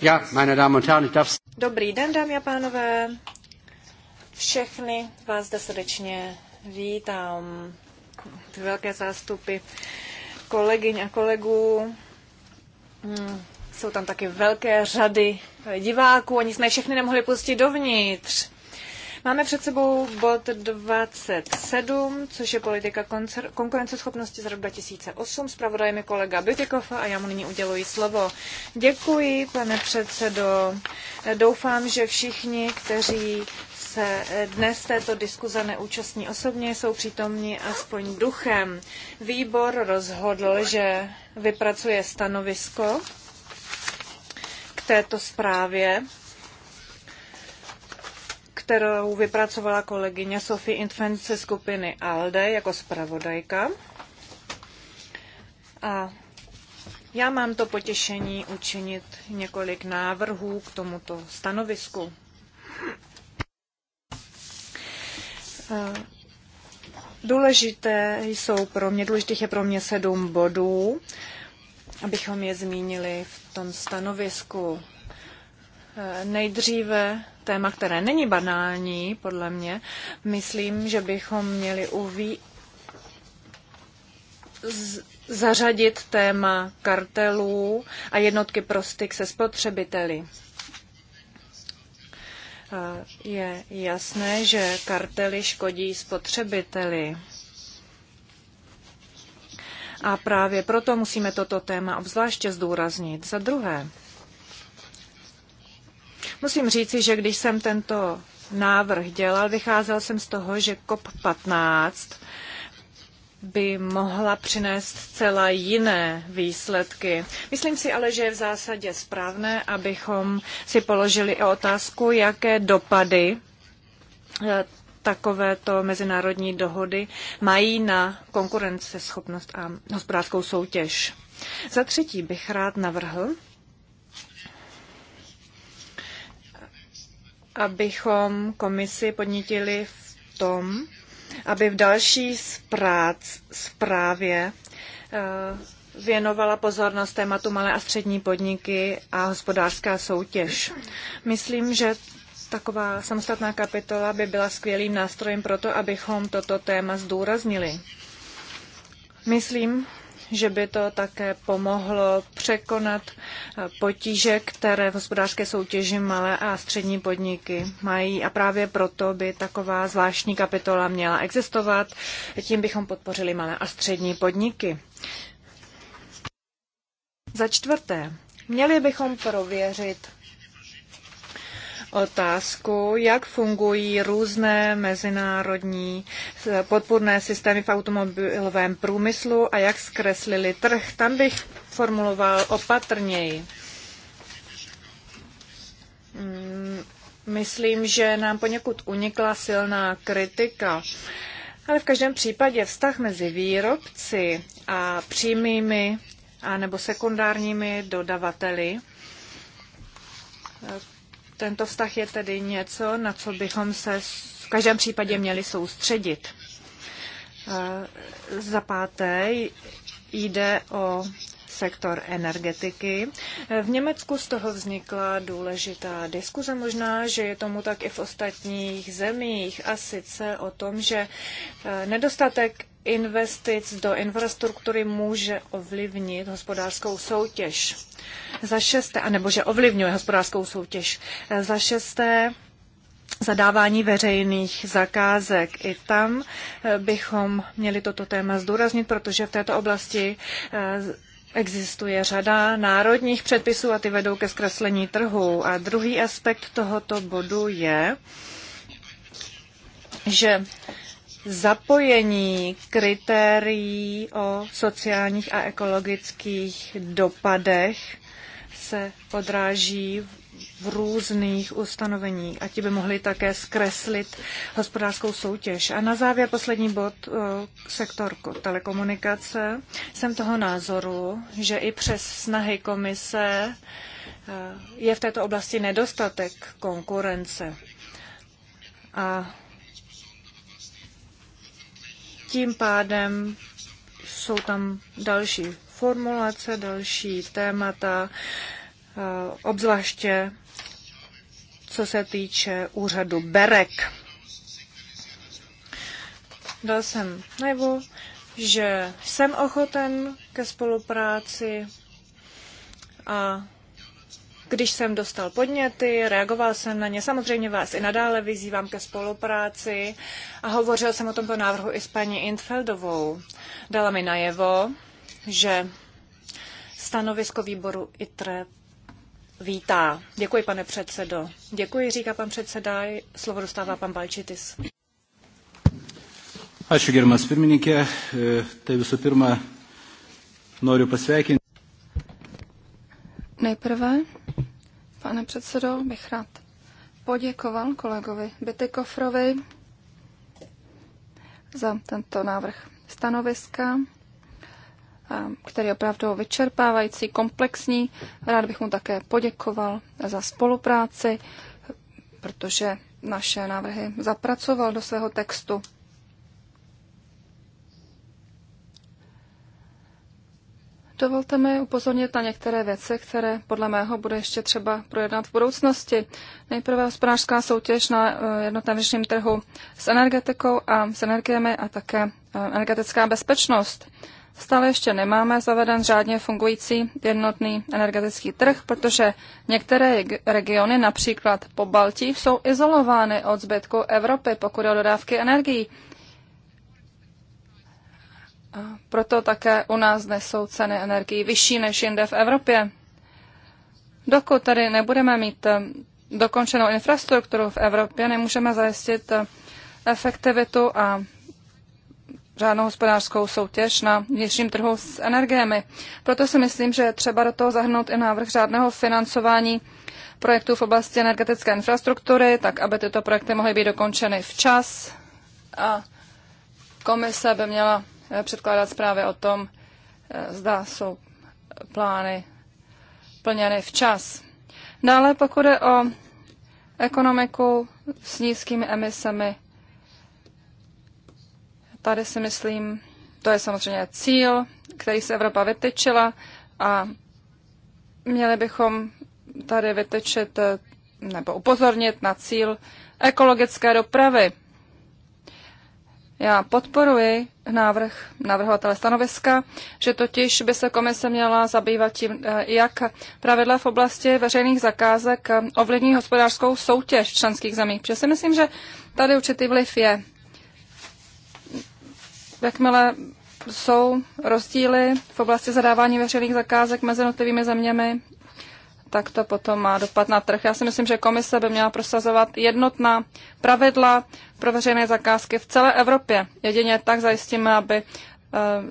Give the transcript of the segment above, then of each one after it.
Ja, meine Damen und Herren, ich darf... Dobrý den, dámy a pánové. Všechny vás zde srdečně vítám. Velké zástupy kolegyň a kolegů. Hmm. Jsou tam taky velké řady diváků, ani jsme všechny nemohli pustit dovnitř. Máme před sebou bod 27, což je politika konkurenceschopnosti z roku 2008. Spravodajem je kolega Bytěkov a já mu nyní uděluji slovo. Děkuji, pane předsedo. Doufám, že všichni, kteří se dnes této diskuze neúčastní osobně, jsou přítomni aspoň duchem. Výbor rozhodl, že vypracuje stanovisko k této zprávě kterou vypracovala kolegyně Sophie Infant ze skupiny ALDE jako zpravodajka. A já mám to potěšení učinit několik návrhů k tomuto stanovisku. Eh, důležité jsou pro mě, důležitých je pro mě sedm bodů, abychom je zmínili v tom stanovisku. Eh, nejdříve téma, které není banální, podle mě. Myslím, že bychom měli uví... Z... zařadit téma kartelů a jednotky pro styk se spotřebiteli. Eh, je jasné, že kartely škodí spotřebiteli. A právě proto musíme toto téma obzvláště zdůraznit. Za druhé, Musím říci, že když jsem tento návrh dělal, vycházel jsem z toho, že COP15 by mohla přinést celá jiné výsledky. Myslím si ale, že je v zásadě správné, abychom si položili i otázku, jaké dopady eh, takovéto mezinárodní dohody mají na konkurenceschopnost a hospodářskou soutěž. Za třetí bych rád navrhl, abychom komisi podnítili v tom, aby v další zprác, zprávě eh, věnovala pozornost tématu malé a střední podniky a hospodářská soutěž. Myslím, že taková samostatná kapitola by byla skvělým nástrojem pro to, abychom toto téma zdůraznili. Myslím, že by to také pomohlo překonat potíže, které v hospodářské soutěži malé a střední podniky mají a právě proto by taková zvláštní kapitola měla existovat. Tím bychom podpořili malé a střední podniky. Za čtvrté, měli bychom prověřit otázku, jak fungují různé mezinárodní podpůrné systémy v automobilovém průmyslu a jak zkreslili trh. Tam bych formuloval opatrněji. Mm, myslím, že nám poněkud unikla silná kritika. Ale v každém případě vztah mezi výrobci a přímými a nebo sekundárními dodavateli tento vztah je tedy něco, na co bychom se v každém případě měli soustředit. Za páté jde o sektor energetiky. V Německu z toho vznikla důležitá diskuze, možná, že je tomu tak i v ostatních zemích, a sice o tom, že e, nedostatek investic do infrastruktury může ovlivnit hospodářskou soutěž. Za šesté, anebo že ovlivňuje hospodářskou soutěž. Za šesté, zadávání veřejných zakázek. I tam eh, bychom měli toto téma zdůraznit, protože v této oblasti eh, Existuje řada národních předpisů a ty vedou ke zkreslení trhu. A druhý aspekt tohoto bodu je, že zapojení kritérií o sociálních a ekologických dopadech se odráží v různých ustanoveních a ti by mohli také zkreslit hospodářskou soutěž. A na závěr poslední bod, eh, sektor telekomunikace. Jsem toho názoru, že i přes snahy komise eh, je v této oblasti nedostatek konkurence. A tím pádem jsou tam další formulace, další témata, eh, obzvláště co se týče úřadu Berek. Dal jsem najevo, že jsem ochoten ke spolupráci a když jsem dostal podněty, reagoval jsem na ně. Samozřejmě vás i nadále vyzývám ke spolupráci a hovořil jsem o tomto návrhu i s paní Infeldovou. Dala mi najevo, že stanovisko výboru ITRE vítá. Děkuji, pane předsedo. Děkuji, říká pan předseda. Slovo dostává pan Balčitis. Ačiū, gerbiamas pirmininkė. E, tai visų pirma, noriu pasveikinti. Nejprve, pane předsedo, bych rád poděkoval kolegovi Bytykofrovi za tento návrh stanoviska, který je opravdu vyčerpávající, komplexní. Rád bych mu také poděkoval za spolupráci, protože naše návrhy zapracoval do svého textu. Dovolte mi upozornit na některé věci, které podle mého bude ještě třeba projednat v budoucnosti. Nejprve hospodářská soutěž na eh, jednotném trhu s energetikou a s energiemi a také eh, energetická bezpečnost. Stále ještě nemáme zaveden řádně fungující jednotný energetický trh, protože některé regiony, například po Baltí, jsou izolovány od zbytku Evropy, pokud o dodávky energií. A proto také u nás dnes jsou ceny energií vyšší než jinde v Evropě. Dokud tady nebudeme mít eh, dokončenou infrastrukturu v Evropě, nemůžeme zajistit eh, efektivitu a žádnou hospodářskou soutěž na vnitřním trhu s energiemi. Proto si myslím, že je třeba do toho zahrnout i návrh řádného financování projektů v oblasti energetické infrastruktury, tak aby tyto projekty mohly být dokončeny včas. A komise by měla Eh, předkládat zprávy o tom, eh, zda jsou plány plněny včas. Dále pokud je o ekonomiku s nízkými emisemi, tady si myslím, to je samozřejmě cíl, který se Evropa vytyčila a měli bychom tady vytyčit eh, nebo upozornit na cíl ekologické dopravy. Já podporuji návrh navrhovatele stanoviska, že totiž by se komise měla zabývat tím, eh, jak pravidla v oblasti veřejných zakázek eh, ovlivní hospodářskou soutěž členských zemí. Protože si myslím, že tady určitý vliv je. Jakmile jsou rozdíly v oblasti zadávání veřejných zakázek mezi notovými zeměmi, tak to potom má dopad na trh. Já si myslím, že komise by měla prosazovat jednotná pravidla pro veřejné zakázky v celé Evropě. Jedině tak zajistíme, aby eh,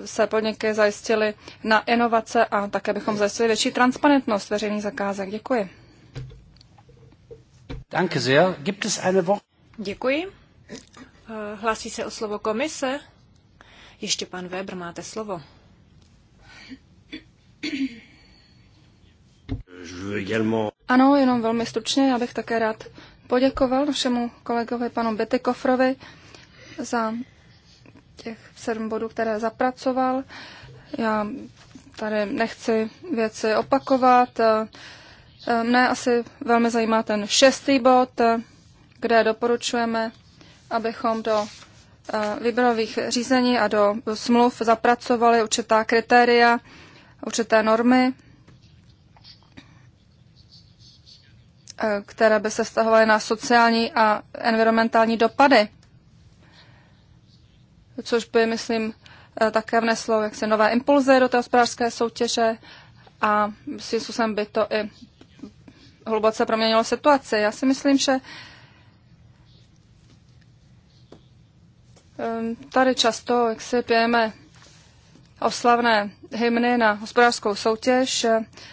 se podniky zajistily na inovace a také bychom zajistili větší transparentnost veřejných zakázek. Děkuji. Danke sehr. Gibt es eine Woche? Děkuji. Eh, hlásí se o slovo komise. Ještě pan Weber, máte slovo. Ano, jenom velmi stručně, já bych také rád poděkoval našemu kolegovi panu Betekofrovi za těch sedm bodů, které zapracoval. Já tady nechci věci opakovat. Mne asi velmi zajímá ten šestý bod, kde doporučujeme, abychom do eh, výběrových řízení a do smluv zapracovali určitá kritéria, určité normy, Eh, které by se vztahovaly na sociální a environmentální dopady, což by, myslím, eh, také vneslo jaksi nové impulzy do té hospodářské soutěže a svým způsobem by to i hluboce proměnilo situaci. Já si myslím, že eh, tady často, jak si pijeme oslavné hymny na hospodářskou soutěž,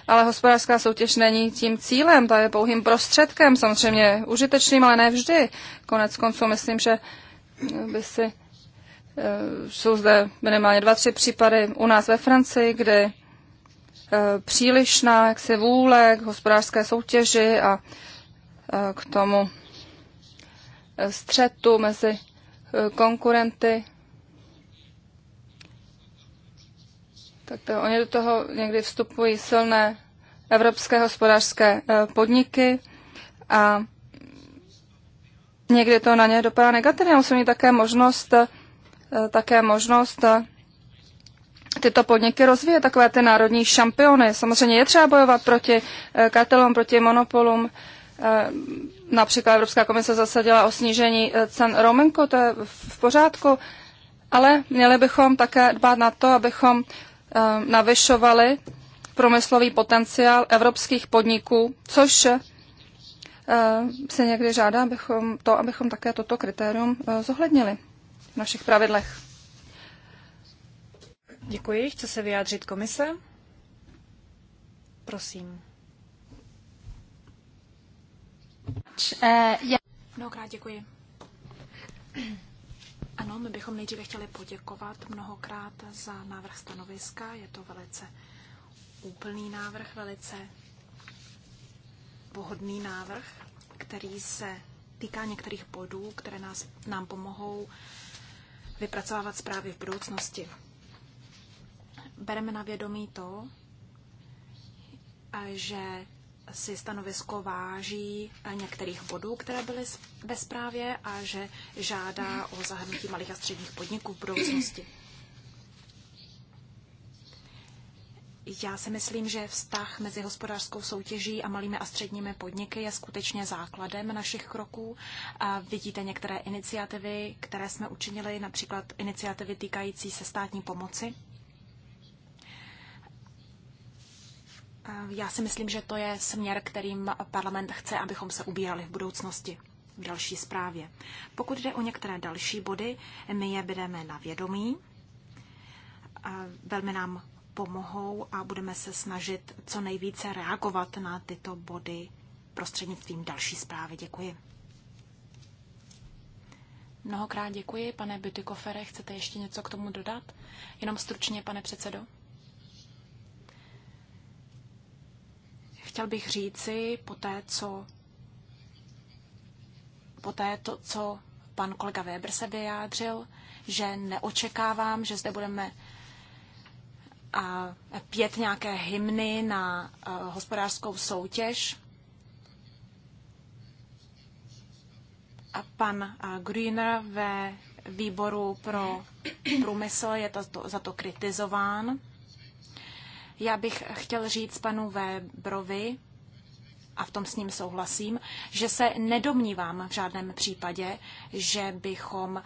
ale hospodářská soutěž není tím cílem, ta je pouhým prostředkem, samozřejmě užitečným, ale ne vždy. Konec konců myslím, že eh, by si eh, jsou zde minimálně dva, tři případy u nás ve Francii, kdy eh, přílišná jaksi vůle k hospodářské soutěži a k tomu střetu mezi konkurenty tak to, oni do toho někdy vstupují silné evropské hospodářské eh, podniky a někdy to na ně dopadá negativně. Musí mít také možnost, eh, také možnost eh, tyto podniky rozvíjet, takové ty národní šampiony. Samozřejmě je třeba bojovat proti kartelům, proti monopolům. Například Evropská komise zasadila o snížení cen roamingu, to je v pořádku, ale měli bychom také dbát na to, abychom Eh, navyšovaly průmyslový potenciál evropských podniků, což eh, se někdy žádá abychom to, abychom také toto kritérium eh, zohlednili v našich pravidlech. Děkuji. Chce se vyjádřit komise? Prosím. Mnohokrát děkuji. Ano, my bychom nejdříve chtěli poděkovat mnohokrát za návrh stanoviska. Je to velice úplný návrh, velice pohodný návrh, který se týká některých bodů, které nás, nám pomohou vypracovávat zprávy v budoucnosti. Bereme na vědomí to, že si stanovisko váží eh, některých bodů, které byly ve zprávě a že žádá o zahrnutí malých a středních podniků v budoucnosti. Já si myslím, že vztah mezi hospodářskou soutěží a malými a středními podniky je skutečně základem našich kroků. A vidíte některé iniciativy, které jsme učinili, například iniciativy týkající se státní pomoci. Eh, já si myslím, že to je směr, kterým parlament chce, abychom se ubírali v budoucnosti v další zprávě. Pokud jde o některé další body, my je budeme na vědomí. Velmi nám pomohou a budeme se snažit co nejvíce reagovat na tyto body prostřednictvím další zprávy. Děkuji. Mnohokrát děkuji. Pane Bytykofere, chcete ještě něco k tomu dodat? Jenom stručně, pane předsedo. chtěl bych říci po té, co, po té, to, co pan kolega Weber se vyjádřil, že neočekávám, že zde budeme a pět nějaké hymny na hospodářskou soutěž. A pan Greener ve výboru pro průmysl je to, za to kritizován. Já bych chtěl říct panu Vébrovi, a v tom s ním souhlasím, že se nedomnívám v žádném případě, že bychom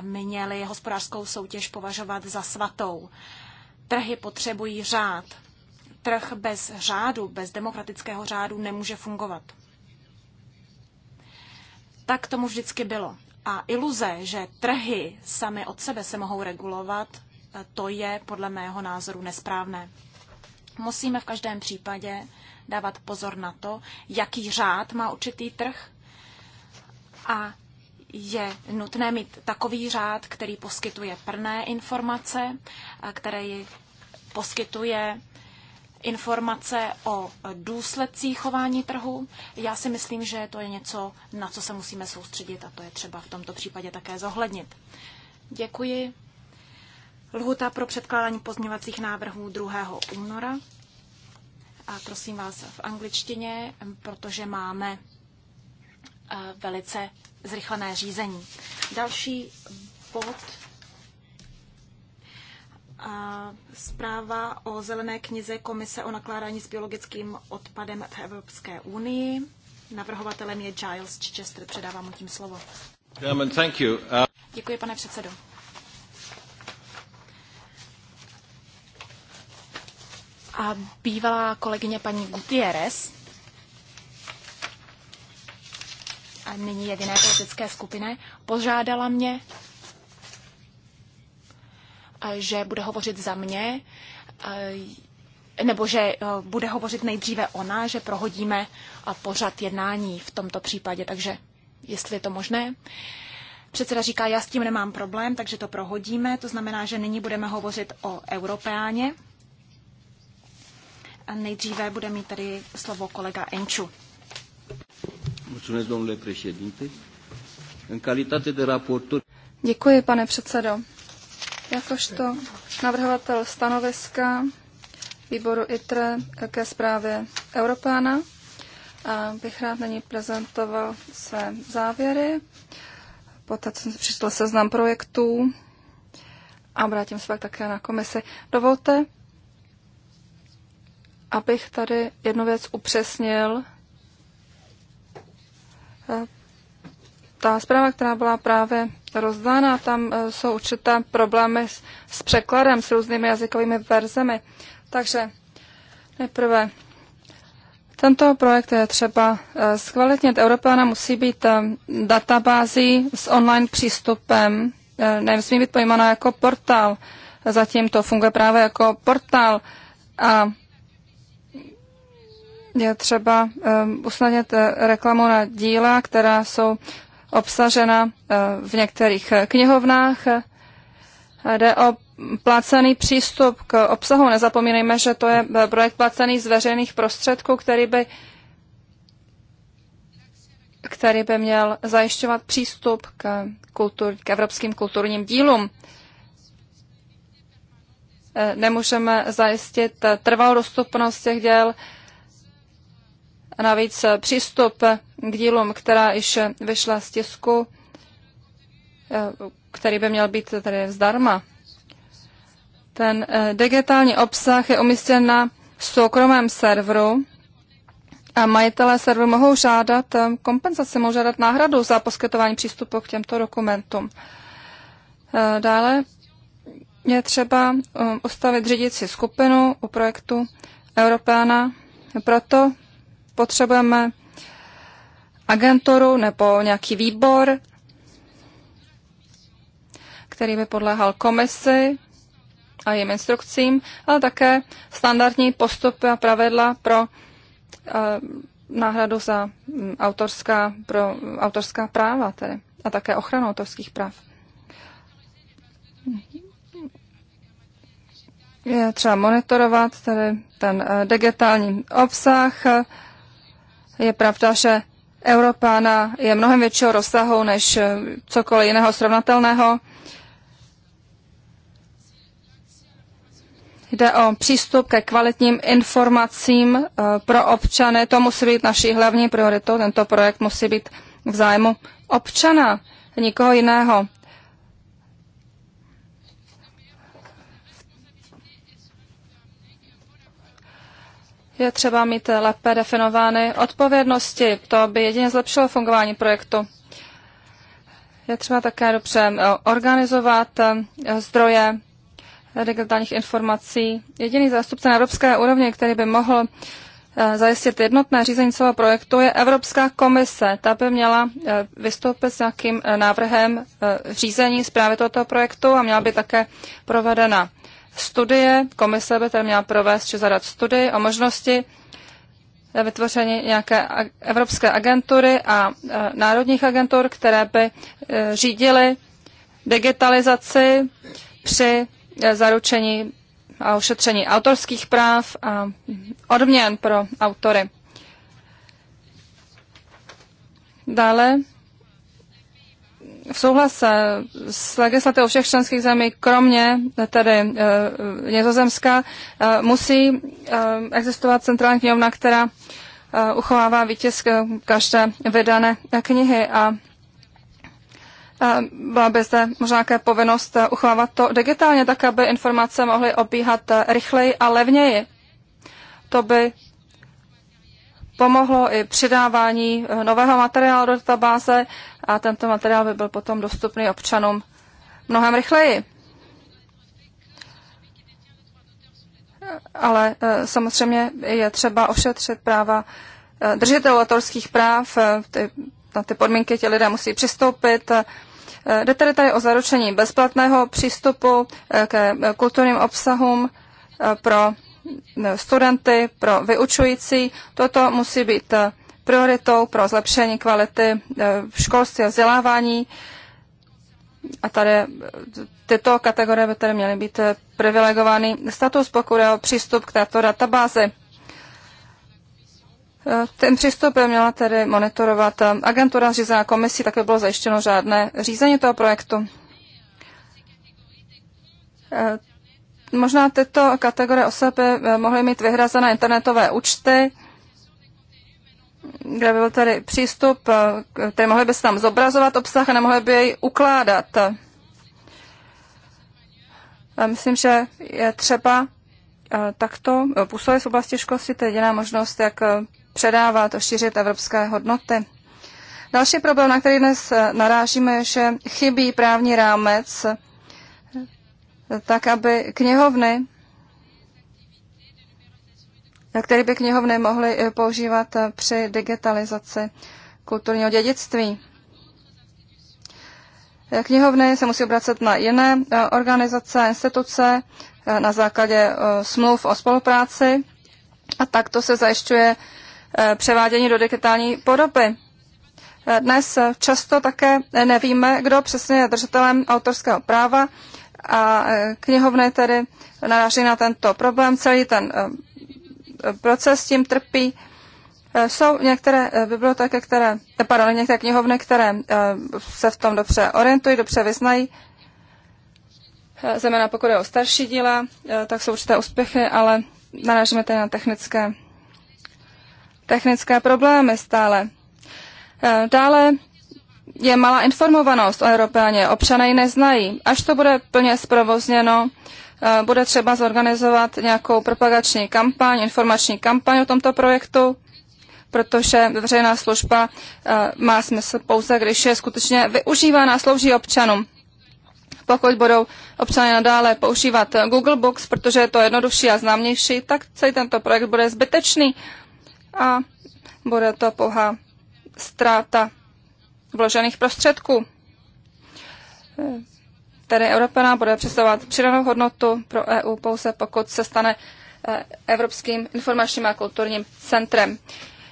měli hospodářskou soutěž považovat za svatou. Trhy potřebují řád. Trh bez řádu, bez demokratického řádu nemůže fungovat. Tak tomu vždycky bylo. A iluze, že trhy samy od sebe se mohou regulovat, to je podle mého názoru nesprávné. Musíme v každém případě dávat pozor na to, jaký řád má určitý trh a je nutné mít takový řád, který poskytuje prné informace, který poskytuje informace o důsledcích chování trhu. Já si myslím, že to je něco, na co se musíme soustředit a to je třeba v tomto případě také zohlednit. Děkuji. Lhuta pro předkládání pozměňovacích návrhů 2. února. A prosím vás v angličtině, protože máme eh, velice zrychlené řízení. Další bod a zpráva o zelené knize Komise o nakládání s biologickým odpadem v Evropské unii. Navrhovatelem je Giles Chichester. Předávám mu tím slovo. thank you. Uh, Děkuji, pane předsedo. A bývalá kolegyně paní Gutierrez, a nyní jediné politické skupiny, požádala mě, eh, že bude hovořit za mě, eh, nebo že eh, bude hovořit nejdříve ona, že prohodíme pořad jednání v tomto případě, takže jestli je to možné. Předseda říká, já s tím nemám problém, takže to prohodíme, to znamená, že nyní budeme hovořit o Europeáně. Nejdříve bude mít tady slovo kolega Enču. de Děkuji, pane předsedo. Jakožto navrhovatel stanoviska výboru ITRE ke zprávě Europána a bych rád na ní prezentoval své závěry. Poté, jsem si přečetl seznam projektů a obrátím se pak také na komisi. Dovolte, abych tady jednu věc upřesnil. Eh, ta zpráva, která byla právě rozdána, tam eh, jsou určité problémy s, s překladem, s různými jazykovými verzemi. Takže nejprve tento projekt je třeba eh, zkvalitnit. Europeana musí být databází s online přístupem. Nemusí být pojímána jako portál. Zatím to funguje právě jako portál. A je třeba um, usnadnit eh, reklamu na díla, která jsou obsažena eh, v některých eh, knihovnách. Jde o placený přístup k obsahu. Nezapomínejme, že to je projekt placený z veřejných prostředků, který by, který by měl zajišťovat přístup k, kultur, k evropským kulturním dílům. Nemůžeme zajistit trvalou dostupnost těch děl, a navíc eh, přístup k dílům, která již vyšla z tisku, eh, který by měl být tady zdarma. Ten eh, digitální obsah je umístěn na soukromém serveru a majitelé serveru mohou žádat kompenzaci, mohou žádat náhradu za poskytování přístupu k těmto dokumentům. Dále je třeba ustavit řídící skupinu u projektu Europeana proto, potřebujeme agenturu nebo nějaký výbor, který by podléhal komisi a jejím instrukcím, ale také standardní postupy a pravidla pro uh, náhradu za mm, autorská, pro mm, autorská práva tedy, a také ochranu autorských práv. Je třeba monitorovat tedy ten eh, digitální obsah, je pravda, že Europána je mnohem většího rozsahu než eh, cokoliv jiného srovnatelného. Jde o přístup ke kvalitním informacím eh, pro občany. To musí být naší hlavní prioritou. Tento projekt musí být v zájmu občana, nikoho jiného. je třeba mít lépe definovány odpovědnosti. To by jedině zlepšilo fungování projektu. Je třeba také dobře eh, organizovat eh, zdroje eh, digitálních informací. Jediný zástupce na evropské úrovni, který by mohl zajistit jednotné řízení celého projektu, je Evropská komise. Ta by měla vystoupit s nějakým návrhem řízení zprávy tohoto projektu a měla by také provedena studie, komise by tedy měla provést či zadat studii o možnosti eh, vytvoření nějaké evropské agentury a eh, národních agentur, které by eh, řídily digitalizaci při zaručení a ošetření autorských práv a odměn pro autory. Dále v souhlase eh, s legislativou všech členských zemí, kromě eh, tedy e, eh, Nězozemska, e, musí e, existovat centrální knihovna, která e, uchovává výtisk každé vydané knihy a byla by zde možná nějaká povinnost uchovávat to digitálně, tak aby informace mohly obíhat rychleji a levněji. To by pomohlo i přidávání nového materiálu do databáze, a tento materiál by byl potom dostupný občanům mnohem rychleji. Ale e, samozřejmě je třeba ošetřit práva e, držitelů autorských práv, e, ty, na ty podmínky ti lidé musí přistoupit. Jde tedy tady o zaručení bezplatného přístupu ke kulturním obsahům pro studenty, pro vyučující. Toto musí být prioritou pro zlepšení kvality eh, školství a vzdělávání. A tady eh, tyto kategorie by tady měly být eh, privilegovaný status, pokud je o přístup k této databázi. Ten přístup by měla tedy monitorovat agentura řízená komisí, tak by bylo zajištěno žádné řízení toho projektu. Možná tyto kategorie osoby mohly mít vyhrazené internetové účty, kde by byl tady přístup, eh, který mohli by se tam zobrazovat obsah a nemohli by jej ukládat. A myslím, že je třeba eh, takto eh, působit v oblasti školství, to je jediná možnost, jak předávat a šířit evropské hodnoty. Další problém, na který dnes narážíme, je, že chybí právní rámec, tak aby knihovny které by knihovny mohly eh, používat eh, při digitalizaci kulturního dědictví. Eh, knihovny se musí obracet na jiné organizace, instituce na základě smluv o spolupráci a takto se zajišťuje převádění do digitální podoby. Dnes často také nevíme, kdo přesně je držitelem autorského práva a knihovny tedy naráží na tento problém. Celý ten proces tím trpí. Eh, jsou některé eh, biblioteky, které, eh, pardon, některé knihovny, které se v tom dobře orientují, dobře vyznají, zejména pokud je o starší díla, tak jsou určité úspěchy, ale narážíme tady na technické, technické problémy stále. Dále je malá informovanost o Evropáně, občané ji neznají. Až to bude plně zprovozněno, Eh, bude třeba zorganizovat nějakou propagační kampaň, informační kampaň o tomto projektu, protože veřejná služba eh, má smysl pouze, když je skutečně využívána, slouží občanům. Pokud budou občané nadále používat Google Books, protože je to jednodušší a známější, tak celý tento projekt bude zbytečný a bude to pouhá ztráta vložených prostředků. Eh, Tedy Evropa bude představovat přidanou hodnotu pro EU pouze pokud se stane eh, Evropským informačním a kulturním centrem.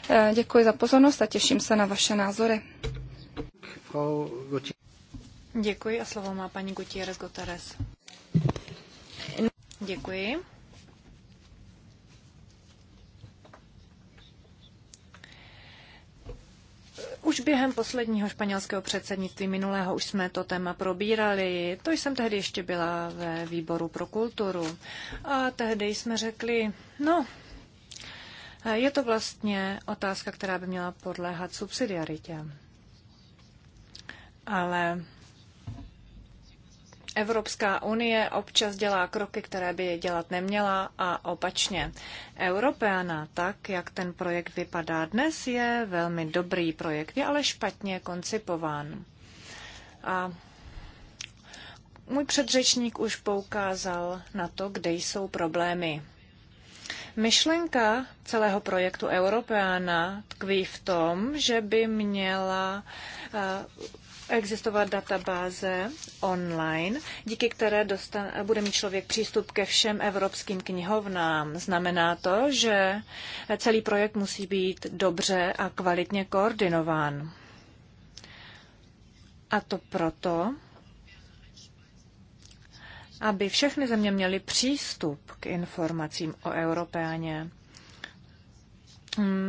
Eh, děkuji za pozornost a těším se na vaše názory. Děkuji a slovo má paní Gutierrez Guterres. Děkuji. Už během posledního španělského předsednictví minulého už jsme to téma probírali. To jsem tehdy ještě byla ve výboru pro kulturu. A tehdy jsme řekli, no, je to vlastně otázka, která by měla podléhat subsidiaritě. Ale Evropská unie občas dělá kroky, které by dělat neměla a opačně. Europeana, tak jak ten projekt vypadá dnes, je velmi dobrý projekt, je ale špatně koncipován. A můj předřečník už poukázal na to, kde jsou problémy. Myšlenka celého projektu Europeana tkví v tom, že by měla eh, existovat databáze online, díky které dostan- bude mít člověk přístup ke všem evropským knihovnám. Znamená to, že celý projekt musí být dobře a kvalitně koordinován. A to proto, aby všechny země měly přístup k informacím o Evropáně.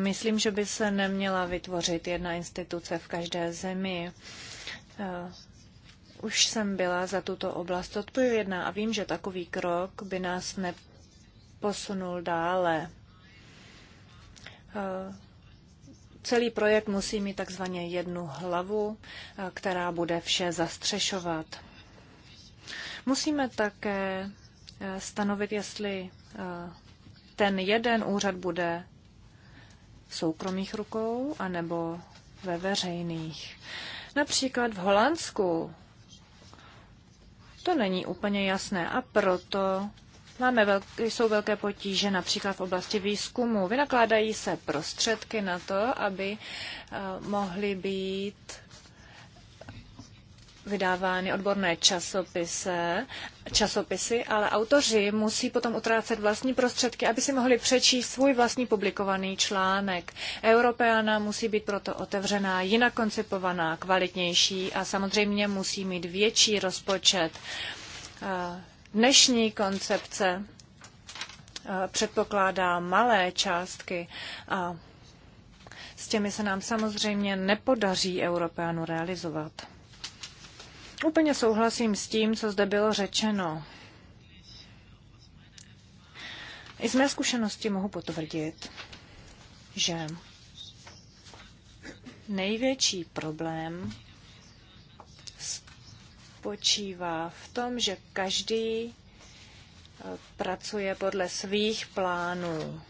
Myslím, že by se neměla vytvořit jedna instituce v každé zemi. Eh, už jsem byla za tuto oblast odpovědná a vím, že takový krok by nás neposunul dále. Eh, celý projekt musí mít takzvaně jednu hlavu, eh, která bude vše zastřešovat. Musíme také stanovit, jestli ten jeden úřad bude v soukromých rukou anebo ve veřejných. Například v Holandsku to není úplně jasné a proto máme velk- jsou velké potíže například v oblasti výzkumu. Vynakládají se prostředky na to, aby eh, mohly být vydávány odborné časopise, časopisy, ale autoři musí potom utrácet vlastní prostředky, aby si mohli přečíst svůj vlastní publikovaný článek. Europeana musí být proto otevřená, jinak koncipovaná, kvalitnější a samozřejmě musí mít větší rozpočet. Dnešní koncepce předpokládá malé částky a s těmi se nám samozřejmě nepodaří Europeanu realizovat. Úplně souhlasím s tím, co zde bylo řečeno. I z mé zkušenosti mohu potvrdit, že největší problém spočívá v tom, že každý eh, pracuje podle svých plánů.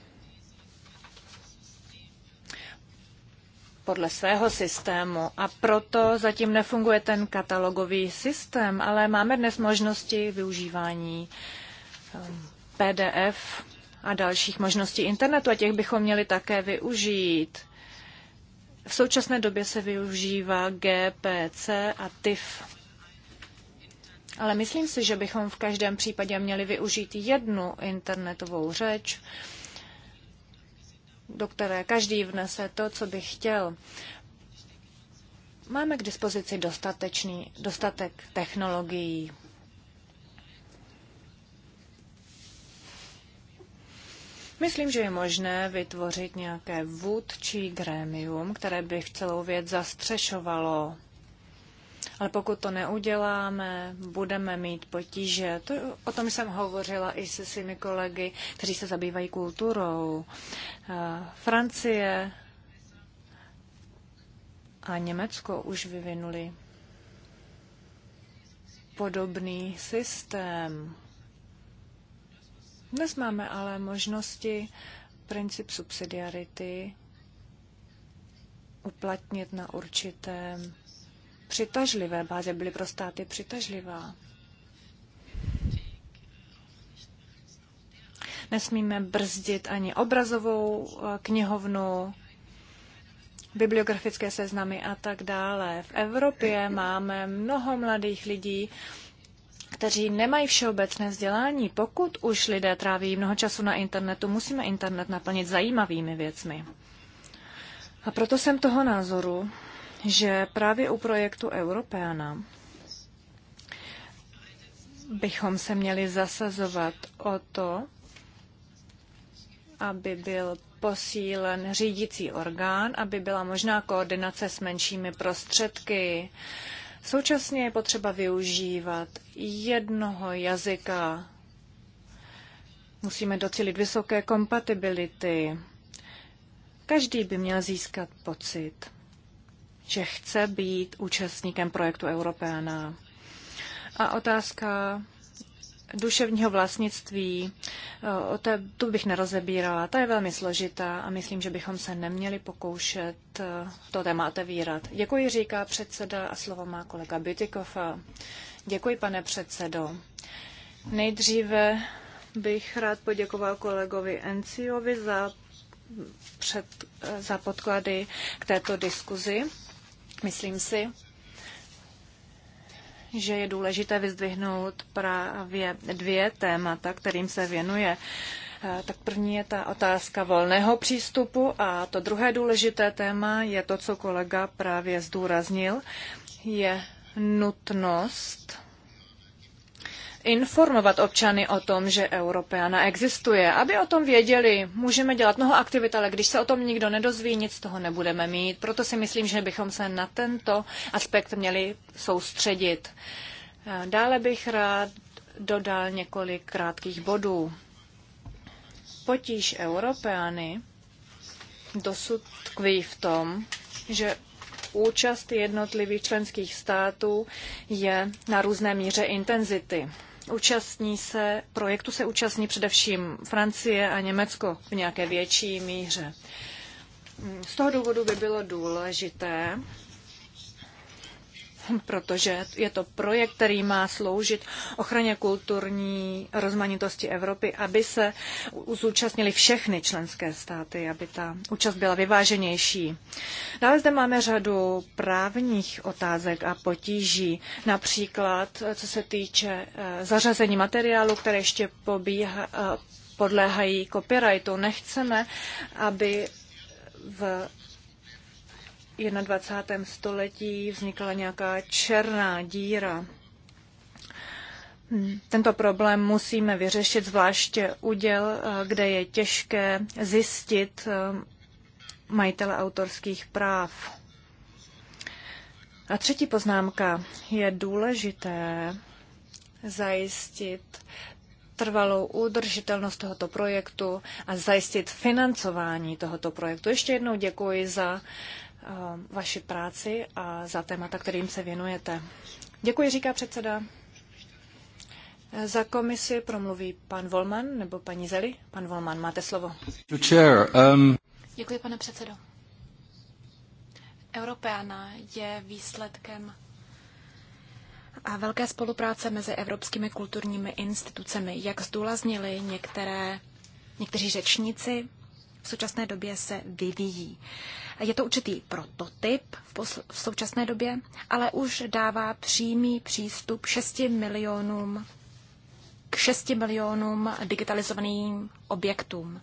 podle svého systému a proto zatím nefunguje ten katalogový systém, ale máme dnes možnosti využívání um, PDF a dalších možností internetu a těch bychom měli také využít. V současné době se využívá GPC a TIF. Ale myslím si, že bychom v každém případě měli využít jednu internetovou řeč, do které každý vnese to, co by chtěl. Máme k dispozici dostatečný, dostatek technologií. Myslím, že je možné vytvořit nějaké vůdčí grémium, které by v celou věc zastřešovalo ale pokud to neuděláme, budeme mít potíže. To, o tom jsem hovořila i se svými kolegy, kteří se zabývají kulturou. Eh, Francie a Německo už vyvinuli podobný systém. Dnes máme ale možnosti princip subsidiarity uplatnit na určitém přitažlivé, báze byly pro státy přitažlivá. Nesmíme brzdit ani obrazovou eh, knihovnu, bibliografické seznamy a tak dále. V Evropě máme mnoho mladých lidí, kteří nemají všeobecné vzdělání. Pokud už lidé tráví mnoho času na internetu, musíme internet naplnit zajímavými věcmi. A proto jsem toho názoru, že právě u projektu Europeana bychom se měli zasazovat o to, aby byl posílen řídící orgán, aby byla možná koordinace s menšími prostředky. Současně je potřeba využívat jednoho jazyka. Musíme docílit vysoké kompatibility. Každý by měl získat pocit, že chce být účastníkem projektu Europeana. A otázka duševního vlastnictví, eh, o té, tu bych nerozebírala, ta je velmi složitá a myslím, že bychom se neměli pokoušet eh, to téma otevírat. Děkuji, říká předseda a slovo má kolega Bytykov. Děkuji, pane předsedo. Nejdříve bych rád poděkoval kolegovi Enciovi za, před, za podklady k této diskuzi. Myslím si, že je důležité vyzdvihnout právě dvě témata, kterým se věnuje. Tak první je ta otázka volného přístupu a to druhé důležité téma je to, co kolega právě zdůraznil, je nutnost informovat občany o tom, že Europeana existuje, aby o tom věděli. Můžeme dělat mnoho aktivit, ale když se o tom nikdo nedozví, nic z toho nebudeme mít. Proto si myslím, že bychom se na tento aspekt měli soustředit. Dále bych rád dodal několik krátkých bodů. Potíž Europeany dosud tkví v tom, že účast jednotlivých členských států je na různé míře intenzity účastní se, projektu se účastní především Francie a Německo v nějaké větší míře. Z toho důvodu by bylo důležité, protože je to projekt, který má sloužit ochraně kulturní rozmanitosti Evropy, aby se zúčastnili všechny členské státy, aby ta účast byla vyváženější. Dále zde máme řadu právních otázek a potíží, například co se týče eh, zařazení materiálu, které ještě pobíha, eh, podléhají copyrightu. Nechceme, aby v 21. století vznikla nějaká černá díra. Hmm, tento problém musíme vyřešit, zvláště uděl, eh, kde je těžké zjistit eh, majitele autorských práv. A třetí poznámka. Je důležité zajistit trvalou udržitelnost tohoto projektu a zajistit financování tohoto projektu. Ještě jednou děkuji za Eh, vaši práci a za témata, kterým se věnujete. Děkuji, říká předseda. Za komisi promluví pan Volman nebo paní Zeli. Pan Volman, máte slovo. Um, Děkuji, pane předsedo. Europeana je výsledkem a velké spolupráce mezi evropskými kulturními institucemi, jak zdůraznili některé, někteří řečníci, v současné době se vyvíjí. Je to určitý prototyp v, v současné době, ale už dává přímý přístup 6 milionům k 6 milionům digitalizovaným objektům.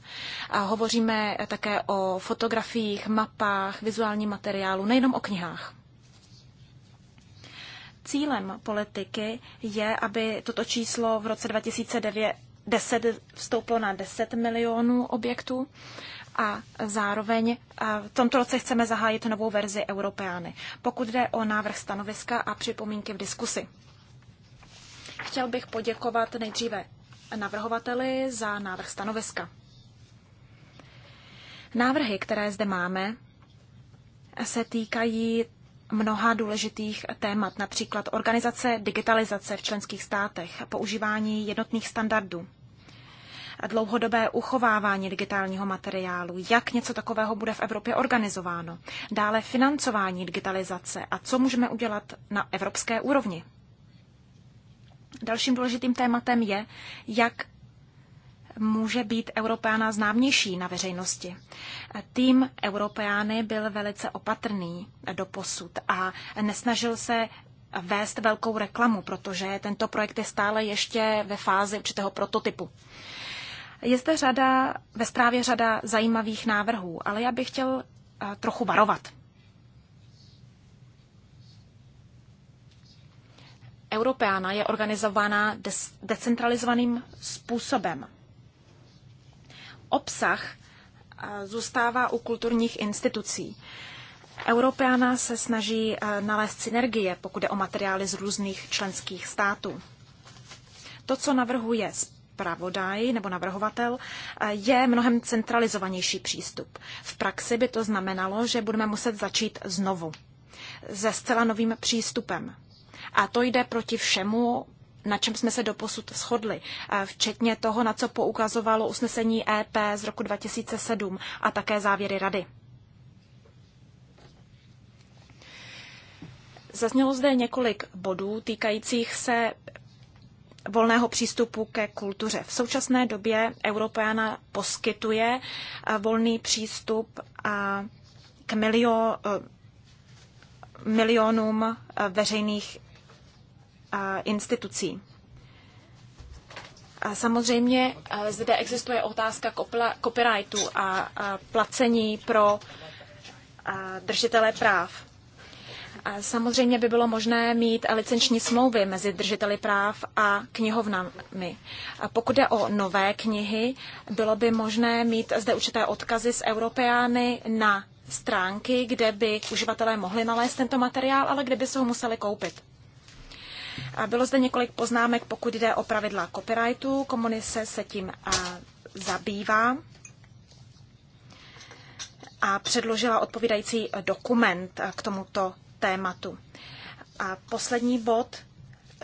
A hovoříme také o fotografiích, mapách, vizuálním materiálu, nejenom o knihách. Cílem politiky je, aby toto číslo v roce 2009 10, vstoupilo na 10 milionů objektů a zároveň v tomto roce chceme zahájit novou verzi Europeány. Pokud jde o návrh stanoviska a připomínky v diskusi. Chtěl bych poděkovat nejdříve navrhovateli za návrh stanoviska. Návrhy, které zde máme, se týkají mnoha důležitých témat, například organizace digitalizace v členských státech, používání jednotných standardů, dlouhodobé uchovávání digitálního materiálu, jak něco takového bude v Evropě organizováno, dále financování digitalizace a co můžeme udělat na evropské úrovni. Dalším důležitým tématem je, jak může být Europeana známější na veřejnosti. Tým Europeány byl velice opatrný do posud a nesnažil se vést velkou reklamu, protože tento projekt je stále ještě ve fázi určitého prototypu. Je zde řada, ve zprávě řada zajímavých návrhů, ale já bych chtěl eh, trochu varovat. Europeana je organizována des, decentralizovaným způsobem obsah zůstává u kulturních institucí. Europeana se snaží e, nalézt synergie, pokud je o materiály z různých členských států. To, co navrhuje zpravodaj nebo navrhovatel, e, je mnohem centralizovanější přístup. V praxi by to znamenalo, že budeme muset začít znovu, se zcela novým přístupem. A to jde proti všemu, na čem jsme se doposud shodli, eh, včetně toho, na co poukazovalo usnesení EP z roku 2007 a také závěry rady. Zaznělo zde několik bodů týkajících se volného přístupu ke kultuře. V současné době Europeana poskytuje eh, volný přístup eh, k milio, milionům veřejných institucí. A samozřejmě eh, zde existuje otázka copyrightu a placení pro držitele práv. A samozřejmě by bylo možné mít licenční smlouvy mezi držiteli práv a knihovnami. A pokud jde o nové knihy, bylo by možné mít zde určité odkazy z Europeány na stránky, kde by uživatelé mohli nalézt tento materiál, ale kde by se ho museli koupit bylo zde několik poznámek, pokud jde o pravidla copyrightu. Komunise se tím zabývá a předložila odpovídající dokument k tomuto tématu. A poslední bod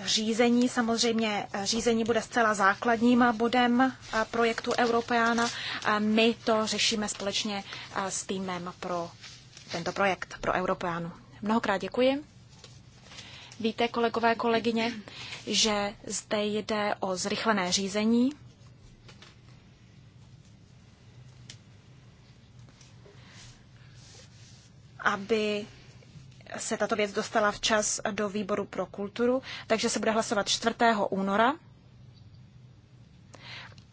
řízení. Samozřejmě řízení bude zcela základním bodem projektu Europeana. My to řešíme společně s týmem pro tento projekt, pro Europeanu. Mnohokrát děkuji. Víte, kolegové, kolegyně, že zde jde o zrychlené řízení. aby se tato věc dostala včas do výboru pro kulturu, takže se bude hlasovat 4. února.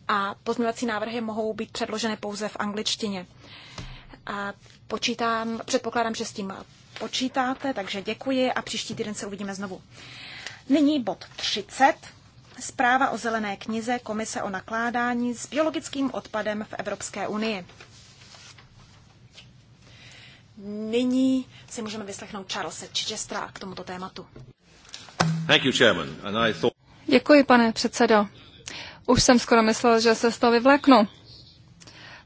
A pozměňovací návrhy mohou být předloženy pouze v angličtině. A počítám, předpokládám, že s tím počítáte, takže děkuji a příští týden se uvidíme znovu. Nyní bod 30. Zpráva o zelené knize Komise o nakládání s biologickým odpadem v Evropské unii. Nyní si můžeme vyslechnout Charlesa Chichestera k tomuto tématu. Thank you, Chairman. And I thought... Děkuji, pane předsedo. Už jsem skoro myslel, že se z toho vyvléknu.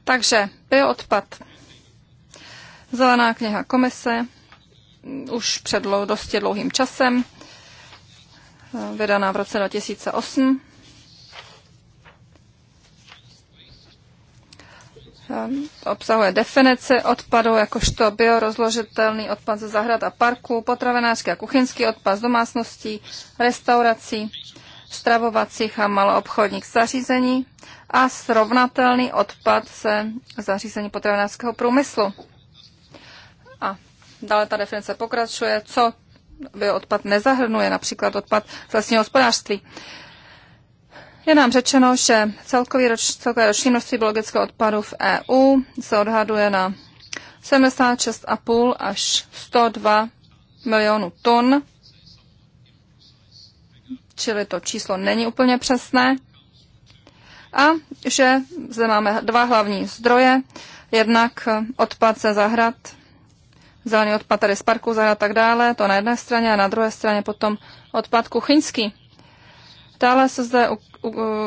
Takže bioodpad. Zelená kniha komise už před dosti dlouhým časem, vydaná v roce 2008. Obsahuje definice odpadu, jakožto biorozložitelný odpad ze zahrad a parků, potravinářský a kuchyňský odpad z domácností, restaurací, stravovacích a maloobchodních zařízení a srovnatelný odpad se zařízení potravinářského průmyslu. A Dále ta definice pokračuje, co bioodpad nezahrnuje, například odpad z lesního hospodářství. Je nám řečeno, že celkový roč, celkové roční množství biologického odpadu v EU se odhaduje na 76,5 až 102 milionů tun, čili to číslo není úplně přesné. A že zde máme dva hlavní zdroje, jednak odpad ze zahrad zelený odpad tady z parku a tak dále, to na jedné straně a na druhé straně potom odpad kuchyňský. Dále se zde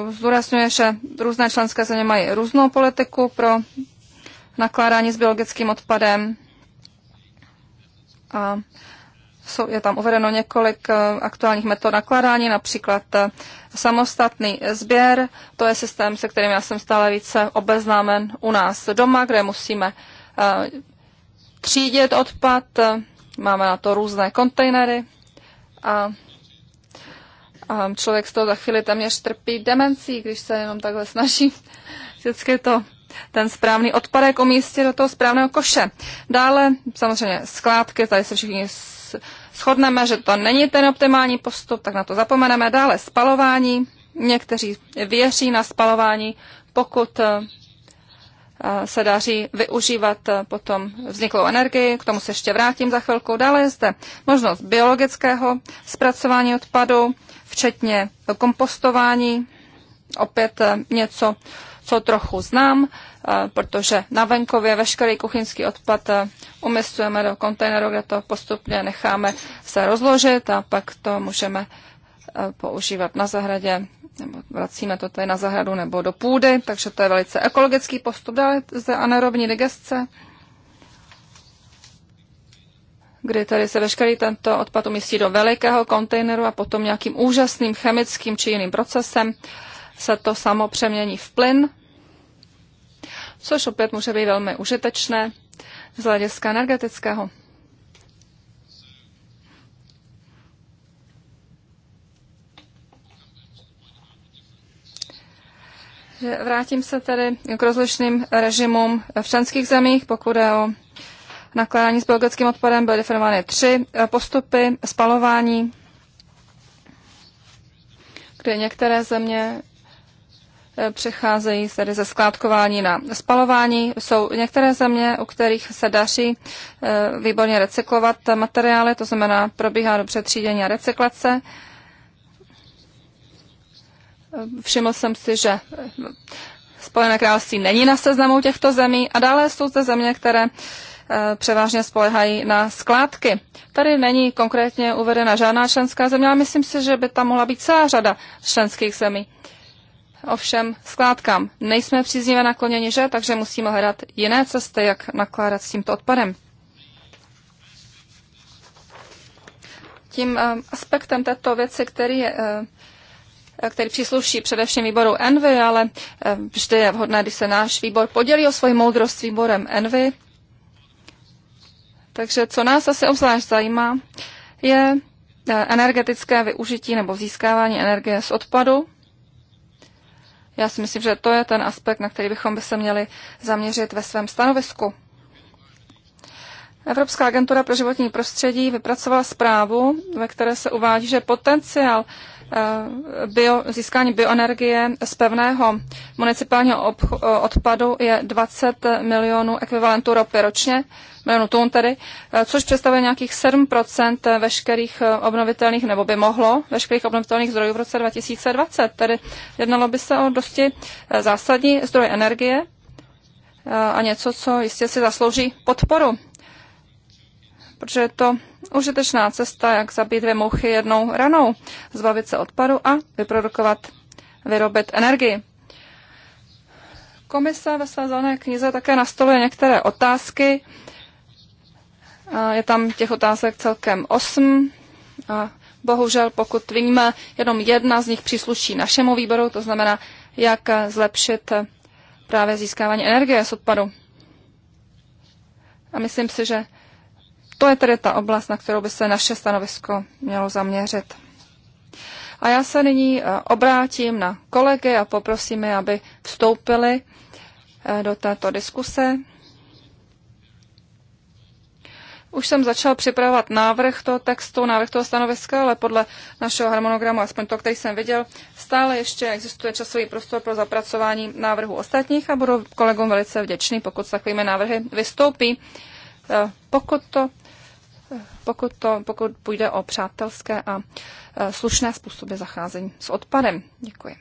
zdůrazňuje, že různé členské země mají různou politiku pro nakládání s biologickým odpadem. A jsou, je tam uvedeno několik eh, aktuálních metod nakládání, například eh, samostatný sběr. To je systém, se kterým já jsem stále více obeznámen u nás doma, kde musíme eh, třídit odpad, máme na to různé kontejnery a, a člověk z toho za chvíli téměř trpí demencí, když se jenom takhle snaží. Vždycky to ten správný odpadek umístit do toho správného koše. Dále samozřejmě skládky, tady se všichni shodneme, že to není ten optimální postup, tak na to zapomeneme. Dále spalování. Někteří věří na spalování, pokud eh, se daří využívat eh, potom vzniklou energii, k tomu se ještě vrátím za chvilku. Dále je zde možnost biologického zpracování odpadu, včetně kompostování, opět eh, něco, co trochu znám, eh, protože na venkově veškerý kuchyňský odpad umistujeme do kontejneru, kde to postupně necháme se rozložit a pak to můžeme používat na zahradě nebo vracíme to tady na zahradu nebo do půdy, takže to je velice ekologický postup. Dále zde anaerobní digestce, kdy tady se veškerý tento odpad umístí do velikého kontejneru a potom nějakým úžasným chemickým či jiným procesem se to samo přemění v plyn, což opět může být velmi užitečné z hlediska energetického. Vrátím se tedy k rozlišným režimům v členských zemích, pokud je o nakládání s biologickým odpadem, byly definovány tři postupy spalování, kde některé země eh, přecházejí tedy ze skládkování na spalování. Jsou některé země, u kterých se daří eh, výborně recyklovat materiály, to znamená probíhá dobře třídění a recyklace. Všiml jsem si, že Spojené království není na seznamu těchto zemí a dále jsou zde země, které eh, převážně spolehají na skládky. Tady není konkrétně uvedena žádná členská země, ale myslím si, že by tam mohla být celá řada členských zemí. Ovšem skládkám nejsme příznivě nakloněni, že? Takže musíme hledat jiné cesty, jak nakládat s tímto odpadem. Tím eh, aspektem této věci, který je eh, který přísluší především výboru Envy, ale eh, vždy je vhodné, když se náš výbor podělí o svoji moudrost s výborem Envy. Takže co nás asi obzvlášť zajímá, je eh, energetické využití nebo získávání energie z odpadu. Já si myslím, že to je ten aspekt, na který bychom by se měli zaměřit ve svém stanovisku. Evropská agentura pro životní prostředí vypracovala zprávu, ve které se uvádí, že potenciál Eh, bio, získání bioenergie z pevného municipálního ob, eh, odpadu je 20 milionů ekvivalentů ropy ročně, milionů tun tedy, eh, což představuje nějakých 7 veškerých obnovitelných, nebo by mohlo, veškerých obnovitelných zdrojů v roce 2020. Tedy jednalo by se o dosti zásadní zdroj energie a něco, co jistě si zaslouží podporu, protože je to užitečná cesta, jak zabít dvě mouchy jednou ranou, zbavit se odpadu a vyprodukovat, vyrobit energii. Komise ve své zelené knize také nastoluje některé otázky. Je tam těch otázek celkem osm. A bohužel, pokud víme, jenom jedna z nich přísluší našemu výboru, to znamená, jak zlepšit právě získávání energie z odpadu. A myslím si, že to je tedy ta oblast, na kterou by se naše stanovisko mělo zaměřit. A já se nyní eh, obrátím na kolegy a poprosím je, aby vstoupili eh, do této diskuse. Už jsem začal připravovat návrh toho textu, návrh toho stanoviska, ale podle našeho harmonogramu, aspoň to, který jsem viděl, stále ještě existuje časový prostor pro zapracování návrhu ostatních a budu kolegům velice vděčný, pokud s takovými návrhy vystoupí. Eh, pokud to pokud, to, pokud půjde o přátelské a e, slušné způsoby zacházení s odpadem. Děkuji.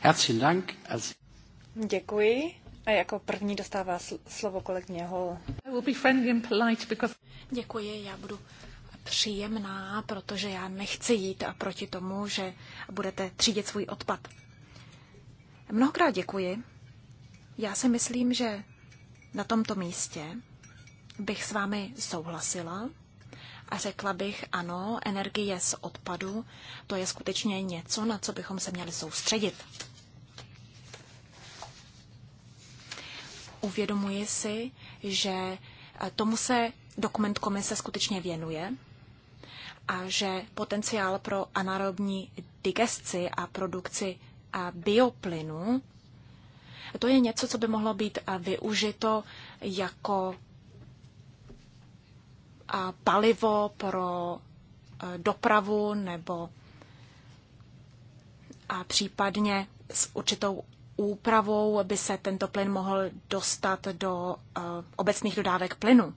Herzlichen Dank. Děkuji. A jako první dostává slovo kolegyně Hol. Děkuji, já budu příjemná, protože já nechci jít a proti tomu, že budete třídit svůj odpad. Mnohokrát děkuji. Já si myslím, že na tomto místě bych s vámi souhlasila a řekla bych, ano, energie z odpadu, to je skutečně něco, na co bychom se měli soustředit. Uvědomuji si, že eh, tomu se dokument komise skutečně věnuje a že potenciál pro anaerobní digesci a produkci eh, bioplynu, to je něco, co by mohlo být eh, využito jako palivo pro eh, dopravu nebo a případně s určitou úpravou by se tento plyn mohl dostat do eh, obecných dodávek plynu.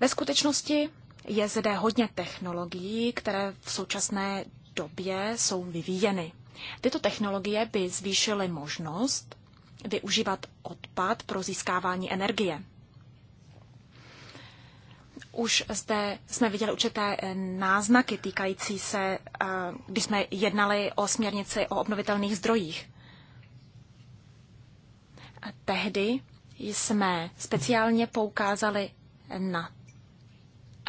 Ve skutečnosti je zde hodně technologií, které v současné době jsou vyvíjeny. Tyto technologie by zvýšily možnost využívat odpad pro získávání energie. Už zde jsme viděli určité eh, náznaky týkající se, eh, když jsme jednali o směrnici o obnovitelných zdrojích. A tehdy jsme speciálně poukázali na,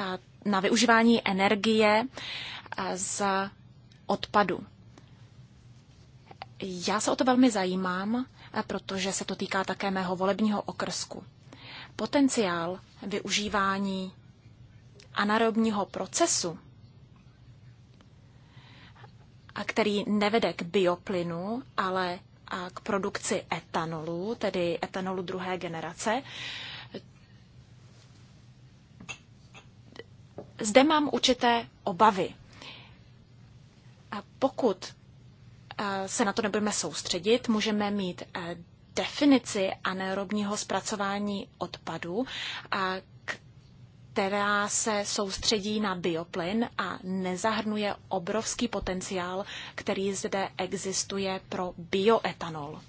eh, na využívání energie z odpadu. Já se o to velmi zajímám, protože se to týká také mého volebního okrsku. Potenciál využívání anaerobního procesu, a který nevede k bioplynu, ale a k produkci etanolu, tedy etanolu druhé generace. Zde mám určité obavy. A pokud se na to nebudeme soustředit, můžeme mít definici anaerobního zpracování odpadu, která se soustředí na bioplyn a nezahrnuje obrovský potenciál, který zde existuje pro bioetanol.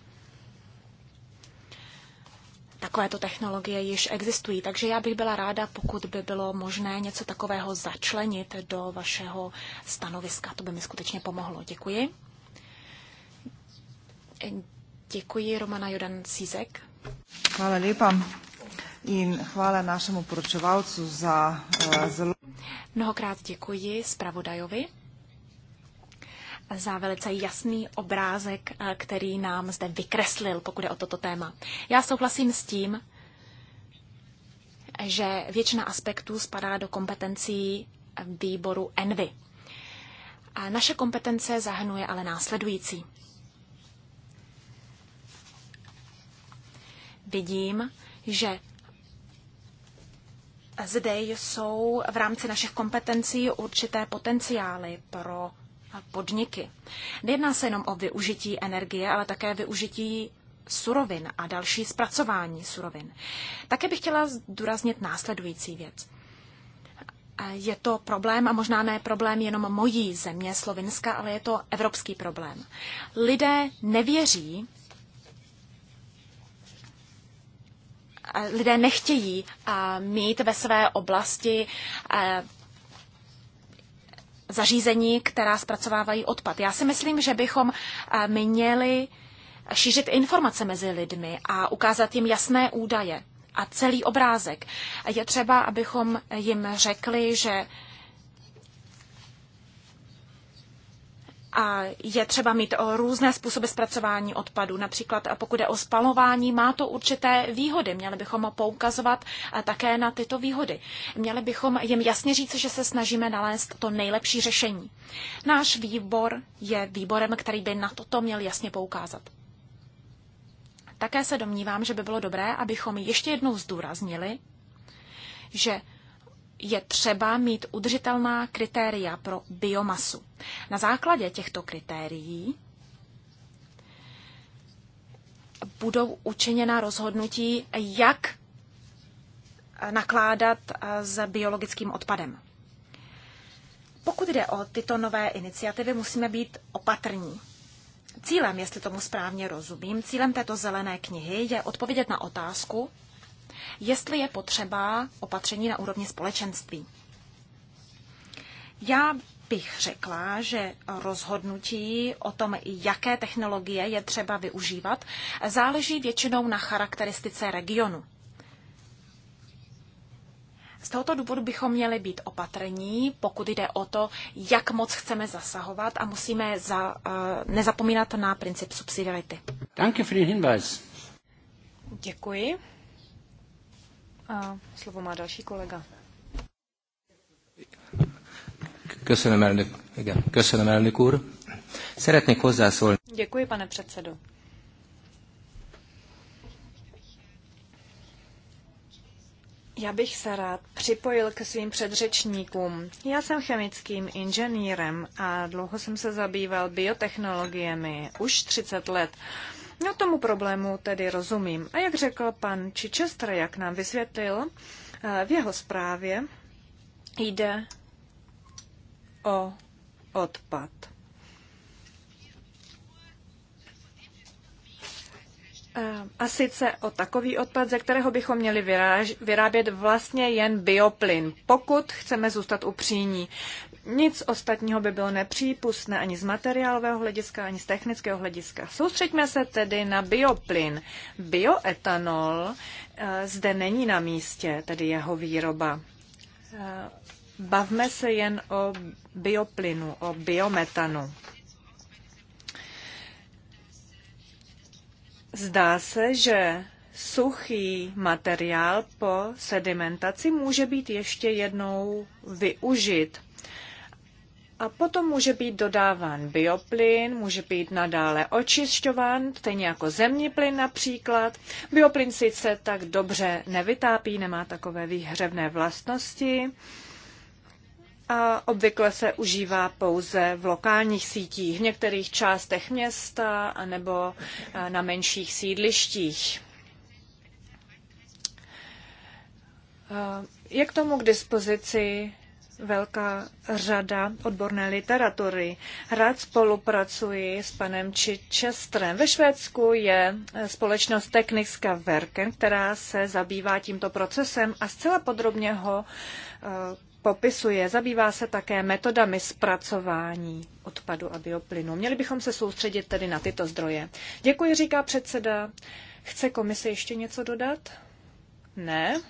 Takovéto technologie již existují, takže já bych byla ráda, pokud by bylo možné něco takového začlenit do vašeho stanoviska. To by mi skutečně pomohlo. Děkuji. Děkuji, Romana Jodan Cízek. Hvala lepa in hvala našemu poročevalcu za eh, zelo... Mnohokrát děkuji zpravodajovi za velice jasný obrázek, eh, který nám zde vykreslil, pokud je o toto téma. Já souhlasím s tím, že většina aspektů spadá do kompetencí výboru ENVY. A naše kompetence zahrnuje ale následující. Vidím, že zde jsou v rámci našich kompetencí určité potenciály pro podniky. Nejedná se jenom o využití energie, ale také využití surovin a další zpracování surovin. Také bych chtěla zdůraznit následující věc. Je to problém, a možná ne problém jenom mojí země Slovinska, ale je to evropský problém. Lidé nevěří, lidé nechtějí mít ve své oblasti zařízení, která zpracovávají odpad. Já si myslím, že bychom měli šířit informace mezi lidmi a ukázat jim jasné údaje a celý obrázek. Je třeba, abychom jim řekli, že a je třeba mít eh, různé způsoby zpracování odpadu. Například eh, pokud je o spalování, má to určité výhody. Měli bychom poukazovat eh, také na tyto výhody. Měli bychom jim jasně říct, že se snažíme nalézt to nejlepší řešení. Náš výbor je výborem, který by na toto měl jasně poukázat. Také se domnívám, že by bylo dobré, abychom ještě jednou zdůraznili, že je třeba mít udržitelná kritéria pro biomasu. Na základě těchto kritérií budou učiněna rozhodnutí, jak nakládat s biologickým odpadem. Pokud jde o tyto nové iniciativy, musíme být opatrní. Cílem, jestli tomu správně rozumím, cílem této zelené knihy je odpovědět na otázku, jestli je potřeba opatření na úrovni společenství. Já bych řekla, že rozhodnutí o tom, jaké technologie je třeba využívat, záleží většinou na charakteristice regionu. Z tohoto důvodu bychom měli být opatrní, pokud jde o to, jak moc chceme zasahovat a musíme za, uh, nezapomínat na princip subsidiarity. Děkuji a slovo má další kolega. Köszönöm, elnök, igen, köszönöm, elnök úr. Szeretnék hozzászólni. Děkuji, pane předsedo. Já bych se rád připojil k svým předřečníkům. Já jsem chemickým inženýrem a dlouho jsem se zabýval biotechnologiemi, už 30 let. No tomu problému tedy rozumím. A jak řekl pan Čičestr, jak nám vysvětlil, eh, v jeho zprávě jde o odpad. Eh, a sice o takový odpad, ze kterého bychom měli vyrábět vlastně jen bioplyn, pokud chceme zůstat upřímní. Nic ostatního by bylo nepřípustné ani z materiálového hlediska, ani z technického hlediska. Soustřeďme se tedy na bioplyn. Bioetanol eh, zde není na místě, tedy jeho výroba. Eh, bavme se jen o bioplynu, o biometanu. Zdá se, že suchý materiál po sedimentaci může být ještě jednou využit. A potom může být dodáván bioplyn, může být nadále očišťován, stejně jako zemní plyn například. Bioplyn sice tak dobře nevytápí, nemá takové výhřevné vlastnosti a obvykle se užívá pouze v lokálních sítích, v některých částech města nebo eh, na menších sídlištích. Eh, je k tomu k dispozici velká řada odborné literatury. Rád spolupracuji s panem Čičestrem. Ve Švédsku je společnost Technická Verken, která se zabývá tímto procesem a zcela podrobně ho eh, popisuje. Zabývá se také metodami zpracování odpadu a bioplynu. Měli bychom se soustředit tedy na tyto zdroje. Děkuji, říká předseda. Chce komise ještě něco dodat? Ne.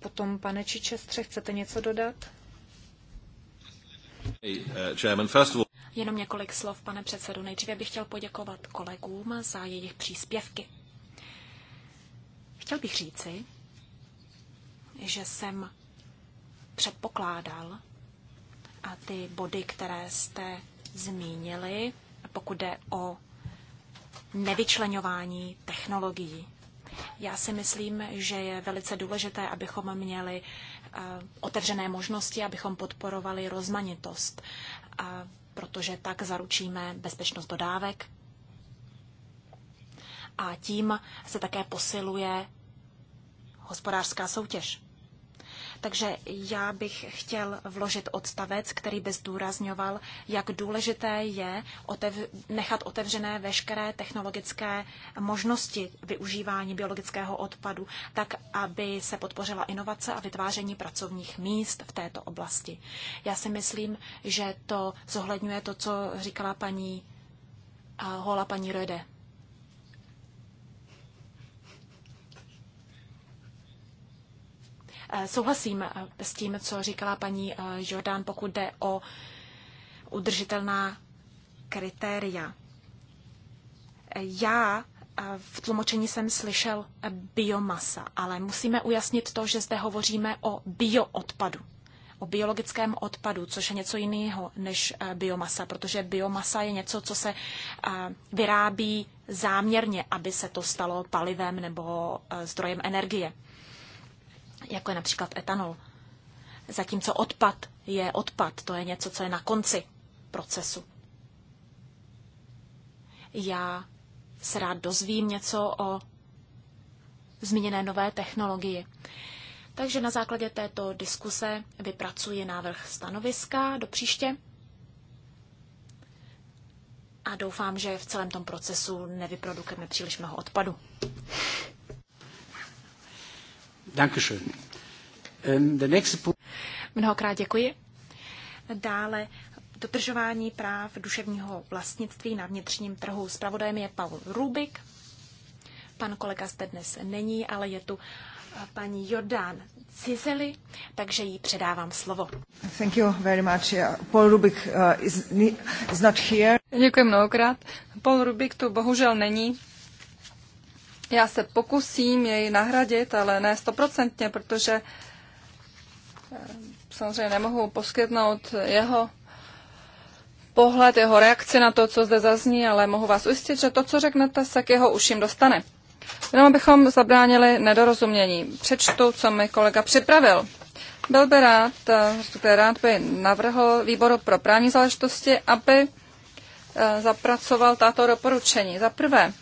Potom, pane Čičestře, chcete něco dodat? Uh, Jenom několik slov, pane předsedu. Nejdříve bych chtěl poděkovat kolegům za jejich příspěvky. Chtěl bych říci, že jsem předpokládal a ty body, které jste zmínili, pokud jde o nevyčlenování technologií já si myslím, že je velice důležité, abychom měli eh, otevřené možnosti, abychom podporovali rozmanitost, protože tak zaručíme bezpečnost dodávek a tím se také posiluje hospodářská soutěž. Takže já bych chtěl vložit odstavec, který by zdůrazňoval, jak důležité je otev- nechat otevřené veškeré technologické možnosti využívání biologického odpadu, tak aby se podpořila inovace a vytváření pracovních míst v této oblasti. Já si myslím, že to zohledňuje to, co říkala paní Hola, paní Röde. Eh, souhlasím eh, s tím, co říkala paní eh, Jordán, pokud jde o udržitelná kritéria. Já v tlumočení jsem slyšel biomasa, ale musíme ujasnit to, že zde hovoříme o bioodpadu o biologickém odpadu, což je něco jiného než biomasa, protože biomasa je něco, co se vyrábí záměrně, aby se to stalo palivem nebo zdrojem energie jako je například etanol. Zatímco odpad je odpad, to je něco, co je na konci procesu. Já se rád dozvím něco o zmíněné nové technologii. Takže na základě této diskuse vypracuji návrh stanoviska do příště a doufám, že v celém tom procesu nevyprodukujeme příliš mnoho odpadu. Dankeschön. Ähm, mnohokrát děkuji. Dále dodržování práv duševního vlastnictví na vnitřním trhu. Spravodajem je Paul Rubik. Pan kolega zde dnes není, ale je tu eh, paní Jordán Cizeli, takže jí předávám slovo. Thank you very much. Paul Rubik uh, is, not here. Děkuji mnohokrát. Paul Rubik tu bohužel není, já se pokusím jej nahradit, ale ne stoprocentně, protože eh, samozřejmě nemohu poskytnout jeho pohled, jeho reakci na to, co zde zazní, ale mohu vás ujistit, že to, co řeknete, se k jeho uším dostane. Jenom abychom zabránili nedorozumění. Přečtu, co mi kolega připravil. Byl by rád, eh, respektive rád by navrhl výboru pro právní záležitosti, aby eh, zapracoval tato doporučení. Za prvé,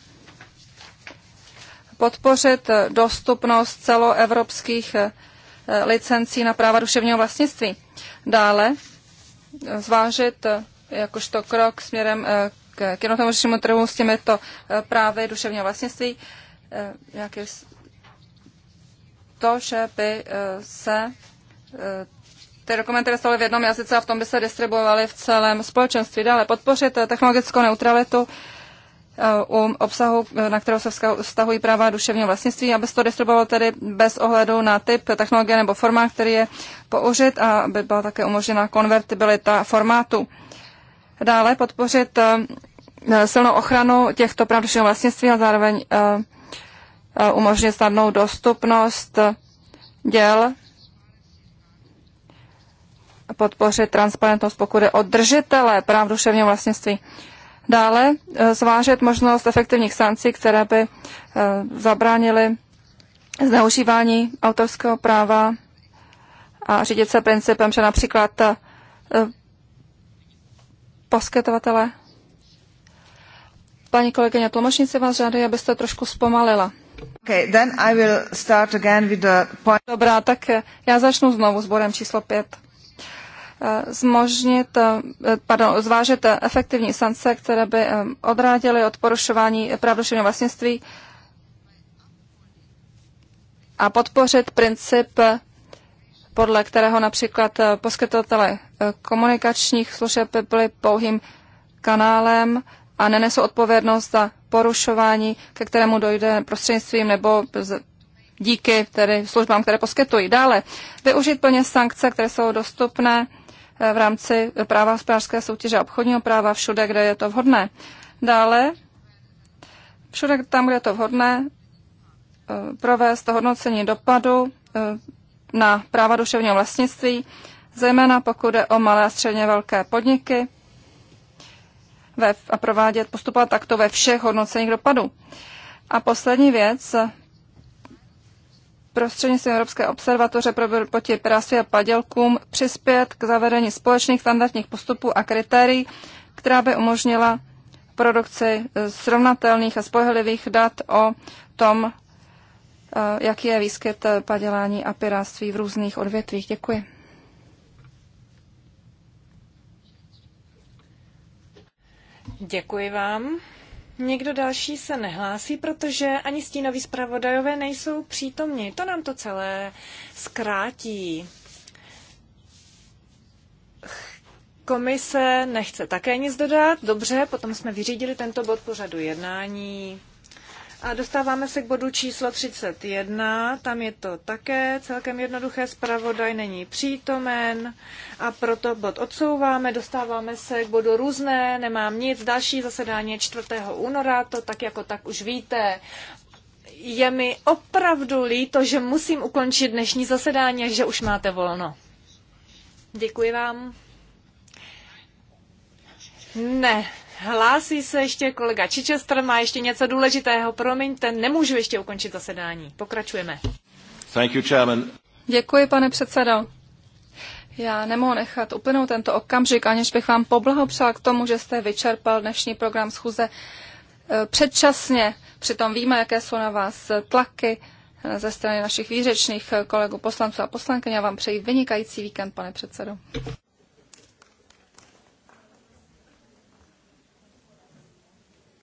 podpořit dostupnost celoevropských eh, licencí na práva duševního vlastnictví. Dále eh, zvážit eh, jakožto krok směrem k jednotnému řešení trhu s těmito právy duševního vlastnictví nějaké to, že by se ty dokumenty dostaly v jednom jazyce a v tom by se distribuovaly v celém společenství. Dále podpořit technologickou neutralitu Eh, u obsahu, eh, na kterého se vztahují práva duševního vlastnictví, aby se to distribuovalo tedy bez ohledu na typ technologie nebo formát, který je použit a aby byla také umožněna konvertibilita formátu. Dále podpořit eh, silnou ochranu těchto práv duševního vlastnictví a zároveň umožnit snadnou dostupnost děl, podpořit transparentnost, pokud je o držitele práv duševního vlastnictví. Dále eh, zvážet možnost efektivních sankcí, které by eh, zabránily zneužívání autorského práva a řídit se principem, že například eh, poskytovatele. Paní kolegyně tlumočnice vás žádají, abyste trošku zpomalila. Okay, then I will start again with the point. Dobrá, tak já začnu znovu s bodem číslo 5. Eh, zmožnit, eh, pardon, zvážit efektivní sankce, které by eh, odrádily od porušování práv vlastnictví a podpořit princip, podle kterého například poskytovatele komunikačních služeb byly pouhým kanálem a nenesou odpovědnost za porušování, ke kterému dojde prostřednictvím nebo díky tedy službám, které poskytují. Dále využít plně sankce, které jsou dostupné v rámci práva hospodářské soutěže a obchodního práva všude, kde je to vhodné. Dále, všude tam, kde je to vhodné, eh, provést to hodnocení dopadu eh, na práva duševního vlastnictví, zejména pokud jde o malé a středně velké podniky ve, a provádět, postupovat takto ve všech hodnoceních dopadů. A poslední věc, prostřednictvím Evropské observatoře pro proti pirátství a padělkům přispět k zavedení společných standardních postupů a kritérií, která by umožnila produkci eh, srovnatelných a spolehlivých dat o tom, eh, jaký je výskyt eh, padělání a piráctví v různých odvětvích. Děkuji. Děkuji vám. Někdo další se nehlásí, protože ani stínoví zpravodajové nejsou přítomni. To nám to celé zkrátí. Komise nechce také nic dodat. Dobře, potom jsme vyřídili tento bod pořadu jednání. A dostáváme se k bodu číslo 31, tam je to také celkem jednoduché, zpravodaj není přítomen a proto bod odsouváme, dostáváme se k bodu různé, nemám nic, další zasedání je 4. února, to tak jako tak už víte. Je mi opravdu líto, že musím ukončit dnešní zasedání že už máte volno. Děkuji vám. Ne. Hlásí se ještě kolega Chichester, má ještě něco důležitého. Promiňte, nemůžu ještě ukončit zasedání. Pokračujeme. Thank you, chairman. Děkuji, pane předsedo. Já nemohu nechat uplynout tento okamžik, aniž bych vám poblahopřál k tomu, že jste vyčerpal dnešní program schůze e, předčasně. Přitom víme, jaké jsou na vás tlaky e, ze strany našich výřečných e, kolegů poslanců a poslankyně. Já vám přeji vynikající víkend, pane předsedo.